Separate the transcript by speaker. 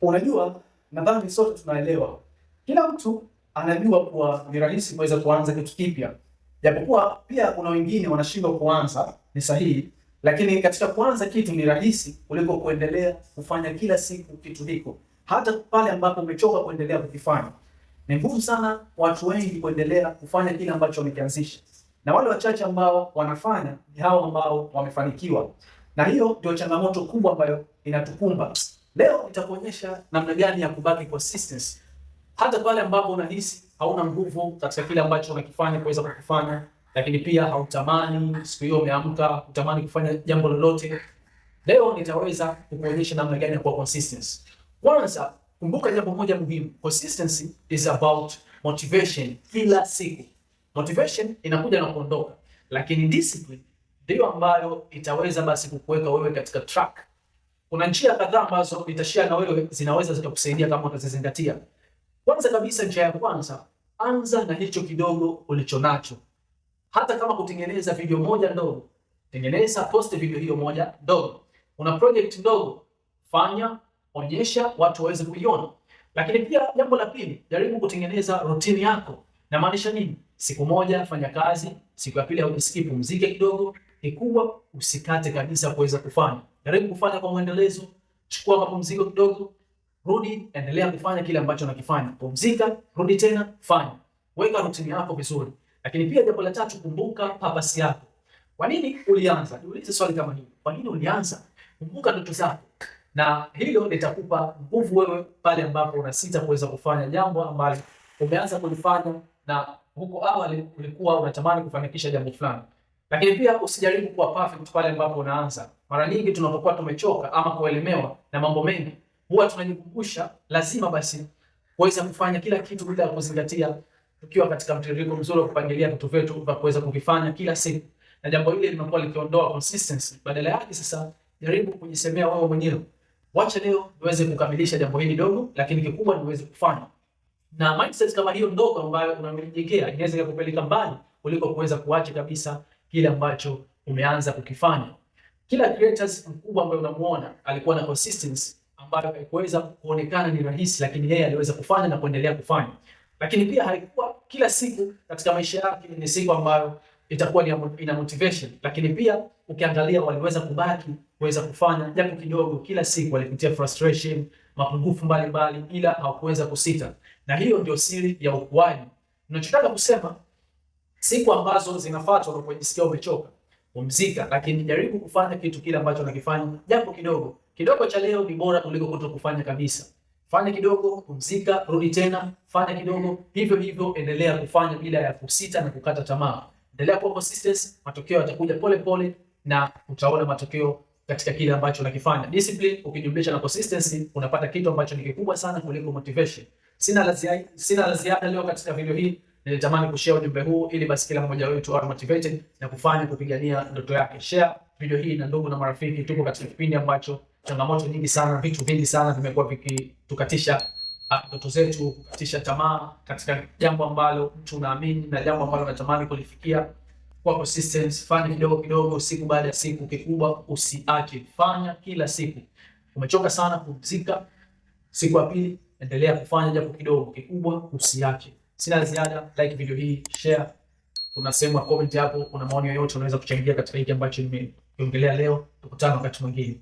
Speaker 1: Unajua, nadhani sote tunaelewa, kila mtu anajua kuwa ni rahisi kuweza kuanza kitu kipya, japokuwa pia kuna wengine wanashindwa kuanza. Ni sahihi, lakini katika kuanza kitu ni rahisi kuliko kuendelea kufanya kila siku kitu hiko, hata pale ambapo umechoka kuendelea kukifanya. Ni ngumu sana watu wengi kuendelea kufanya kile ambacho wamekianzisha, na wale wachache ambao wanafanya ni hao ambao wamefanikiwa, na hiyo ndio changamoto kubwa ambayo inatukumba. Leo nitakuonyesha namna gani ya kubaki consistent hata pale ambapo unahisi hauna nguvu katika kile ambacho unakifanya kuweza kukifanya, lakini pia hautamani siku hiyo umeamka utamani kufanya jambo lolote. Leo nitaweza kukuonyesha namna gani ya kuwa consistent. Kwanza kumbuka jambo moja muhimu, consistency is about motivation. Kila siku motivation inakuja na kuondoka, lakini discipline ndiyo ambayo itaweza basi kukuweka wewe katika track kuna njia kadhaa ambazo nitashare na wewe zinaweza zikakusaidia kama utazizingatia. Kwanza kabisa, njia ya kwanza, anza na hicho kidogo ulichonacho. Hata kama kutengeneza video moja ndogo, tengeneza post video hiyo moja ndogo. Una project ndogo, fanya, onyesha watu waweze kuiona. Lakini pia jambo la pili, jaribu kutengeneza rutini yako. Namaanisha nini? Siku moja fanya kazi, siku ya pili au skip, pumzike kidogo, kikubwa usikate kabisa kuweza kufanya. Jaribu kufanya kwa mwendelezo, chukua mapumziko kidogo, rudi, endelea kufanya kile ambacho unakifanya. Pumzika, rudi tena, fanya. Weka rutini yako vizuri. Lakini pia jambo la tatu, kumbuka purpose yako. Kwa nini ulianza? Jiulize swali kama hili. Kwa nini ulianza? Kumbuka ndoto zako. Na hilo litakupa nguvu wewe pale ambapo unasita kuweza kufanya jambo ambalo umeanza kulifanya na huko awali ulikuwa unatamani kufanikisha jambo fulani. Lakini pia usijaribu kuwa perfect pale ambapo unaanza. Mara nyingi tunapokuwa tumechoka ama kuelemewa na mambo mengi, huwa tunajikumbusha lazima basi kuweza kufanya kila kitu bila kuzingatia, tukiwa katika mtiririko mzuri wa kupangilia vitu vyetu vya kuweza kuvifanya kila siku, na jambo hili limekuwa likiondoa consistency. Badala yake sasa, jaribu kujisemea wewe mwenyewe, wacha leo niweze kukamilisha jambo hili dogo, lakini kikubwa niweze kufanya. Na mindset kama hiyo ndogo ambayo unamjengea inaweza kukupeleka mbali kuliko kuweza kuacha kabisa kile ambacho umeanza kukifanya. Kila creators mkubwa ambaye unamuona alikuwa na consistency ambayo haikuweza kuonekana ni rahisi, lakini yeye aliweza kufanya na kuendelea kufanya. Lakini pia haikuwa kila siku katika maisha yake ni siku ambayo itakuwa ni ina motivation, lakini pia ukiangalia waliweza kubaki kuweza kufanya japo kidogo. Kila siku walipitia frustration, mapungufu mbalimbali, ila hawakuweza kusita, na hiyo ndio siri ya ukuaji. Tunachotaka kusema siku ambazo zinafuata unapojisikia umechoka, pumzika, lakini jaribu kufanya kitu kile ambacho unakifanya japo kidogo. Kidogo cha leo ni bora kuliko kutokufanya kabisa. Fanya kidogo, pumzika, rudi tena, fanya kidogo, hivyo hivyo, endelea kufanya bila ya kusita na kukata tamaa. Endelea kuwa consistent, matokeo yatakuja pole pole na utaona matokeo katika kile ambacho unakifanya. Discipline ukijumlisha na consistency unapata kitu ambacho ni kikubwa sana kuliko motivation. Sina la ziada, sina la ziada leo katika video hii. Nilitamani kushare ujumbe huu ili basi kila mmoja wetu awe motivated na kufanya kupigania ndoto yake. Share video hii na ndugu na marafiki. Tuko katika kipindi ambacho changamoto nyingi sana, vitu vingi sana vimekuwa vikitukatisha ah, ndoto zetu, kukatisha tamaa katika jambo ambalo tunaamini na jambo ambalo natamani kulifikia. Kwa consistency, fanya kidogo kidogo, siku baada ya siku. Kikubwa usiache, fanya kila siku. Umechoka sana, pumzika. Siku ya pili endelea kufanya japo kidogo. Kikubwa usiache. Sina ziada, like video hii, share. Kuna sehemu ya comment hapo, kuna maoni yoyote unaweza kuchangia katika hiki ambacho nimeongelea leo. Tukutane wakati mwingine.